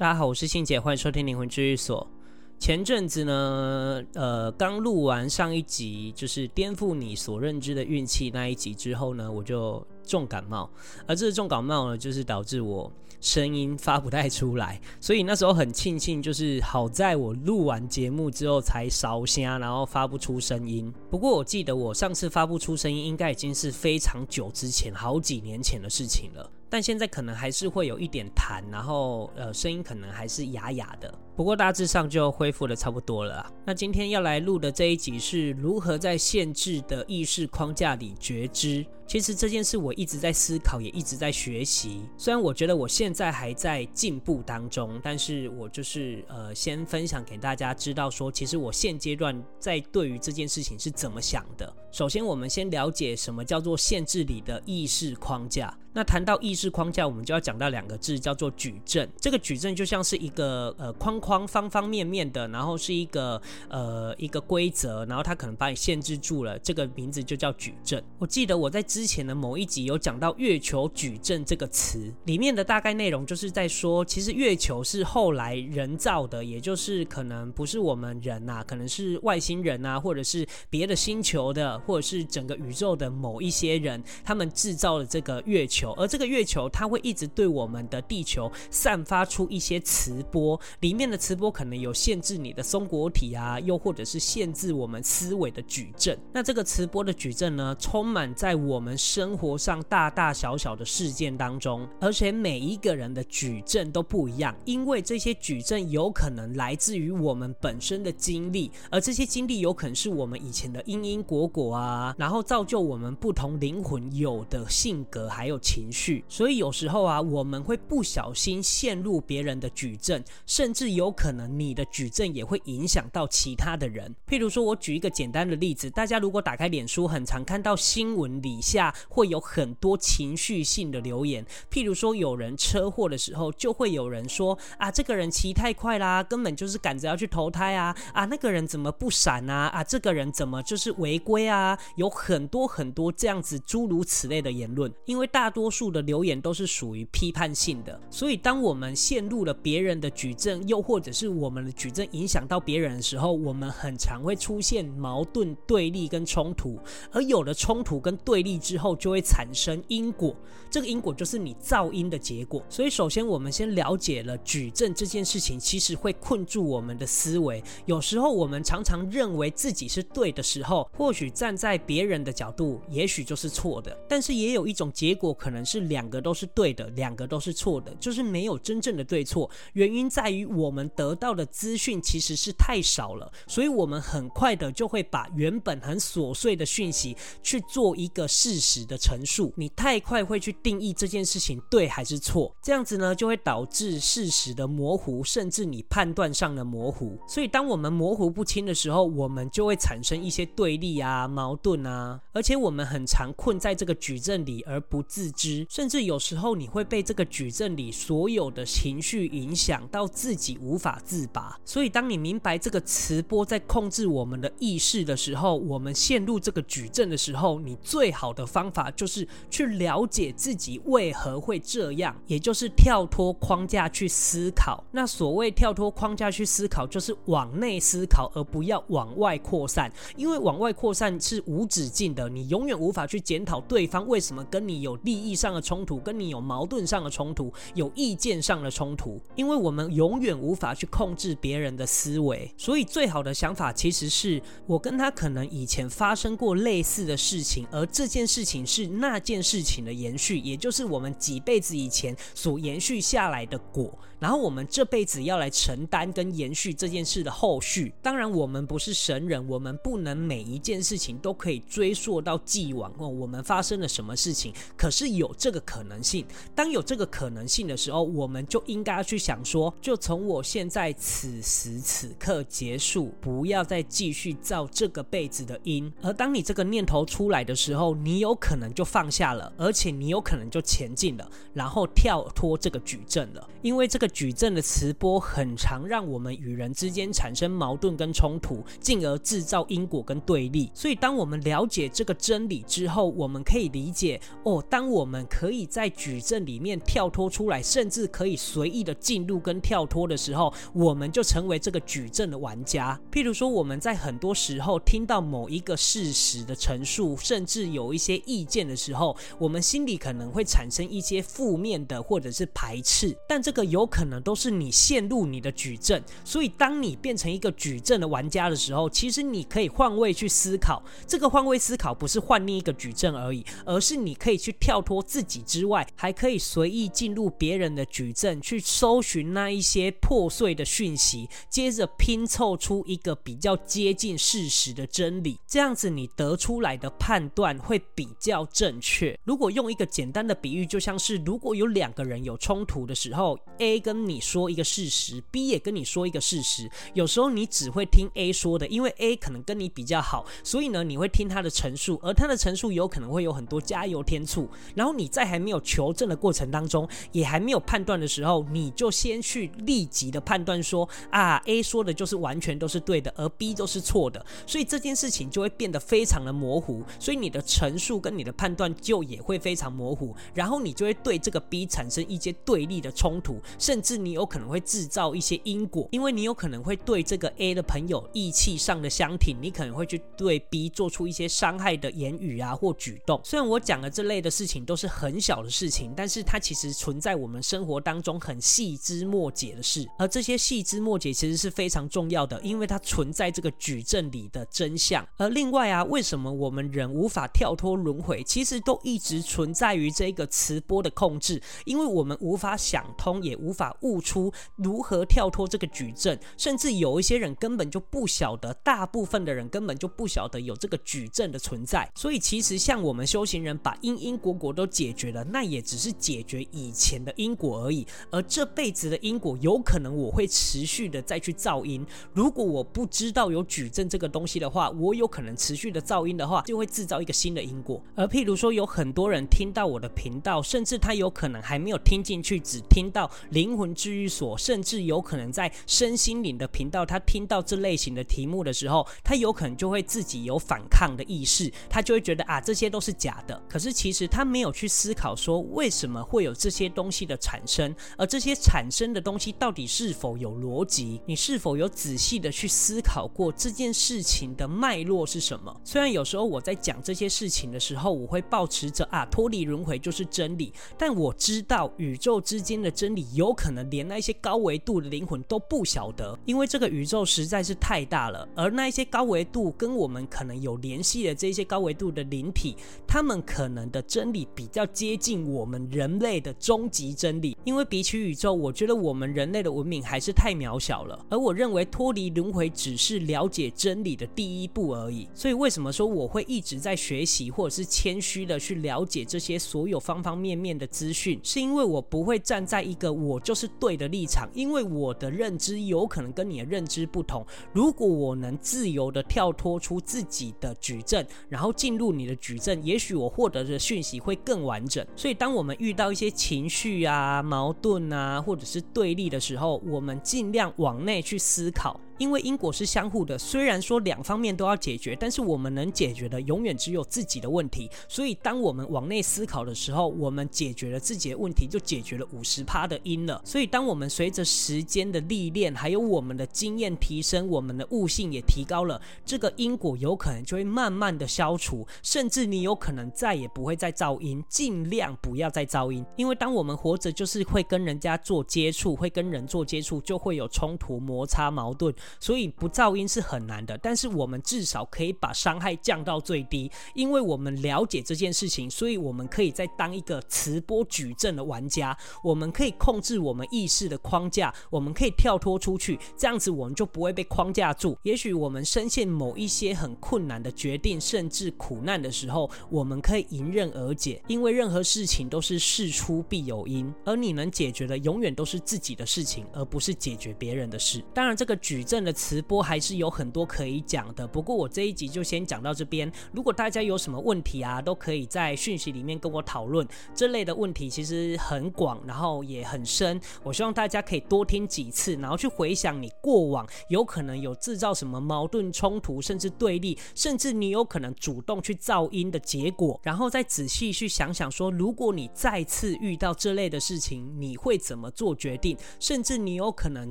大家好，我是信姐，歡迎收聽靈魂治癒所。前陣子呢，呃，剛錄完上一集，就是顛覆你所認知的運氣那一集之後呢，我就重感冒，而這個重感冒呢，就是導致我聲音發不太出來，所以那時候很慶幸，就是好在我錄完節目之後才燒聲，然後發不出聲音。不過我記得我上次發不出聲音，應該已經是非常久之前，好幾年前的事情了。但現在可能還是會有一點痰，然後呃，聲音可能還是啞啞的。不過大致上就恢復得差不多了。那今天要來錄的這一集是如何在限制的意識框架裡覺知。其實這件事我一直在思考，也一直在學習。雖然我覺得我現在還在進步當中，但是我就是呃，先分享給大家，知道說，其實我現階段在對於這件事情是怎麼想的。首先，我們先了解什麼叫做限制裡的意識框架。那談到意識框架，我們就要講到兩個字，叫做矩陣。這個矩陣就像是一個呃框框，方方面面的，然後是一個呃一個規則，然後它可能把你限制住了。這個名字就叫矩陣。我記得我在之前的某一集有講到月球矩陣這個詞，裡面的大概內容就是在說，其實月球是後來人造的，也就是可能不是我們人吶、啊，可能是外星人啊，或者是別的星球的，或者是整個宇宙的某一些人，他們制造了這個月球。而這個月球，它會一直對我們的地球散發出一些磁波，裡面的磁波可能有限制你的松果體啊，又或者是限制我們思維的矩陣。那這個磁波的矩陣呢，充滿在我們生活上大大小小的事件當中，而且每一個人的矩陣都不一樣，因為這些矩陣有可能來自於我們本身的經歷，而這些經歷有可能是我們以前的因因果果啊，然後造就我們不同靈魂有的性格，還有。情緒，所以有時候啊，我們會不小心陷入別人的矩陣，甚至有可能你的矩陣也會影響到其他的人。譬如說，我舉一個簡單的例子，大家如果打開臉書，很常看到新聞底下會有很多情緒性的留言。譬如說，有人車禍的時候，就會有人說啊，這個人騎太快啦，根本就是趕着要去投胎啊啊，那個人怎麼不閃啊啊，這個人怎麼就是違規啊？有很多很多這樣子諸如此類的言論，因為大多。多數的留言都是屬於批判性的，所以當我們陷入了別人的矩陣，又或者是我們的矩陣影響到別人的時候，我們很常會出現矛盾、對立跟衝突。而有了衝突跟對立之後，就會產生因果。這個因果就是你噪音的結果。所以，首先我們先了解了矩陣這件事情，其實會困住我們的思維。有時候我們常常認為自己是對的時候，或許站在別人的角度，也許就是錯的。但是也有一種結果可。可能是兩個都是對的，兩個都是錯的，就是沒有真正的對錯。原因在於我們得到的資訊其實是太少了，所以我們很快的就會把原本很瑣碎的訊息去做一個事實的陳述。你太快會去定義這件事情對還是錯，這樣子呢就會導致事實的模糊，甚至你判斷上的模糊。所以當我們模糊不清的時候，我們就會產生一些對立啊、矛盾啊，而且我們很常困在這個矩陣裡而不自。甚至有時候你會被這個矩陣裡所有的情緒影響到自己無法自拔。所以，當你明白這個磁波在控制我們的意識的時候，我們陷入這個矩陣的時候，你最好的方法就是去了解自己為何會這樣，也就是跳脫框架去思考。那所謂跳脫框架去思考，就是往內思考，而不要往外擴散，因為往外擴散是無止境的，你永遠無法去檢討對方為什麼跟你有利益意上的衝突，跟你有矛盾上的衝突，有意見上的衝突，因為我們永遠無法去控制別人的思維，所以最好的想法其實是我跟他可能以前發生過類似的事情，而這件事情是那件事情的延續，也就是我們幾輩子以前所延續下來的果。然後我們這輩子要來承擔跟延續這件事的後續，當然我們不是神人，我們不能每一件事情都可以追溯到既往哦，我們發生了什麼事情？可是有這個可能性，當有這個可能性的時候，我們就應該要去想說，就從我現在此時此刻結束，不要再繼續造這個輩子的因。而當你這個念頭出來的時候，你有可能就放下了，而且你有可能就前進了，然後跳脫這個矩陣了，因為這個。矩陣的磁波很常讓我們與人之間產生矛盾跟衝突，進而制造因果跟對立。所以，當我們了解這個真理之後，我們可以理解哦，當我們可以在矩陣裡面跳脫出來，甚至可以隨意的進入跟跳脫的時候，我們就成為這個矩陣的玩家。譬如說，我們在很多時候聽到某一個事實的陳述，甚至有一些意見的時候，我們心裡可能會產生一些負面的或者是排斥。但這個有可能可能都是你陷入你的矩陣，所以當你變成一個矩陣的玩家的時候，其實你可以換位去思考。這個換位思考不是換另一個矩陣而已，而是你可以去跳脫自己之外，還可以隨意進入別人的矩陣去搜尋那一些破碎的訊息，接着拼湊出一個比較接近事實的真理。這樣子你得出來的判斷會比較正確。如果用一個簡單的比喻，就像是如果有兩個人有衝突的時候，A 跟跟你說一個事實，B 也跟你說一個事實。有時候你只會聽 A 說的，因為 A 可能跟你比較好，所以呢，你會聽他的陳述，而他的陳述有可能會有很多加油添醋。然後你在還沒有求證的過程當中，也還沒有判斷的時候，你就先去立即的判斷說啊，A 說的就是完全都是對的，而 B 都是錯的。所以這件事情就會變得非常的模糊，所以你的陳述跟你的判斷就也會非常模糊。然後你就會對這個 B 產生一些對立的衝突，甚至。甚至你有可能會製造一些因果，因為你有可能會對這個 A 的朋友義氣上的相挺，你可能會去對 B 做出一些傷害的言語啊或舉動。雖然我講的這類的事情都是很小的事情，但是它其實存在我們生活當中很細枝末節的事，而這些細枝末節其實是非常重要的，因為它存在這個矩陣裡的真相。而另外啊，為什麼我們人無法跳脫輪迴？其實都一直存在於這個磁波的控制，因為我們無法想通，也無法。悟出如何跳脫這個矩陣，甚至有一些人根本就不曉得，大部分的人根本就不曉得有這個矩陣的存在。所以其實像我們修行人把因因果果都解決了，那也只是解決以前的因果而已。而這輩子的因果，有可能我會持續的再去造因。如果我不知道有矩陣這個東西的話，我有可能持續的造因的話，就會制造一個新的因果。而譬如說有很多人聽到我的頻道，甚至他有可能還沒有聽進去，只聽到零。靈魂治癒所，甚至有可能在身心靈的頻道，他聽到這類型的題目的時候，他有可能就會自己有反抗的意識，他就會覺得啊，這些都是假的。可是其實他沒有去思考說，為什麼會有這些東西的產生，而這些產生的東西到底是否有邏輯？你是否有仔細的去思考過這件事情的脈絡是什麼？雖然有時候我在講這些事情的時候，我會抱持著啊，脫離輪迴就是真理，但我知道宇宙之間的真理有。可能連那些高維度的靈魂都不曉得，因為這個宇宙實在是太大了。而那一些高維度跟我們可能有聯繫的這些高維度的靈體，他們可能的真理比較接近我們人類的終極真理。因為比起宇宙，我覺得我們人類的文明還是太渺小了。而我認為脫離輪迴只是了解真理的第一步而已。所以為什麼說我會一直在學習，或者是謙虛的去了解這些所有方方面面的資訊，是因為我不會站在一個我。就是對的立場，因為我的認知有可能跟你的認知不同。如果我能自由地跳脫出自己的矩陣，然後進入你的矩陣，也許我獲得的訊息會更完整。所以，當我們遇到一些情緒啊、矛盾啊，或者是對立的時候，我們盡量往內去思考。因為因果是相互的，雖然說兩方面都要解決，但是我們能解決的永遠只有自己的問題。所以，當我們往內思考的時候，我們解決了自己的問題，就解決了五十趴的因了。所以，當我們隨着時間的歷練，還有我們的經驗提升，我們的悟性也提高了，這個因果有可能就會慢慢的消除，甚至你有可能再也不會再造因，盡量不要再造因。因為當我們活着，就是會跟人家做接觸，會跟人做接觸，就會有衝突、摩擦、矛盾。所以不噪音是很難的，但是我們至少可以把傷害降到最低，因為我們了解這件事情，所以我們可以再當一個磁波矩陣的玩家，我們可以控制我們意識的框架，我們可以跳脫出去，這樣子我們就不會被框架住。也許我們深陷某一些很困難的決定，甚至苦難的時候，我們可以迎刃而解，因為任何事情都是事出必有因，而你能解決的永遠都是自己的事情，而不是解決別人的事。當然，這個矩陣。的直播還是有很多可以講的，不過我這一集就先講到這邊。如果大家有什麼問題啊，都可以在訊息裡面跟我討論。這類的問題其實很廣，然後也很深。我希望大家可以多聽幾次，然後去回想你過往有可能有制造什麼矛盾衝突，甚至對立，甚至你有可能主動去噪音的結果，然後再仔細去想想說，如果你再次遇到這類的事情，你會怎麼做決定？甚至你有可能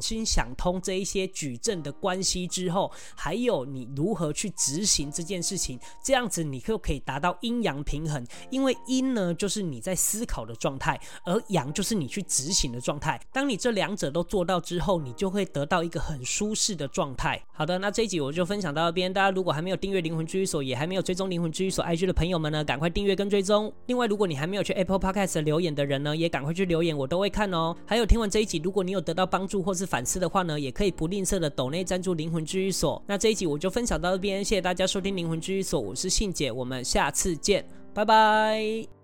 先想通這一些舉證。正的關係之後，還有你如何去執行這件事情，這樣子你就可以達到陰陽平衡。因為陰呢，就是你在思考的狀態，而陽就是你去執行的狀態。當你這兩者都做到之後，你就會得到一個很舒適的狀態。好的，那這一集我就分享到這邊。大家如果還沒有訂閱靈魂治癒所，也還沒有追蹤靈魂治癒所 IG 的朋友們呢，趕快訂閱跟追蹤。另外，如果你還沒有去 Apple Podcast 留言的人呢，也趕快去留言，我都會看哦。還有，聽完這一集，如果你有得到幫助或是反思的話呢，也可以不吝嗇地。斗內贊助靈魂治癒所，那這一集我就分享到這邊，謝謝大家收聽靈魂治癒所，我是信姐，我們下次見，拜拜。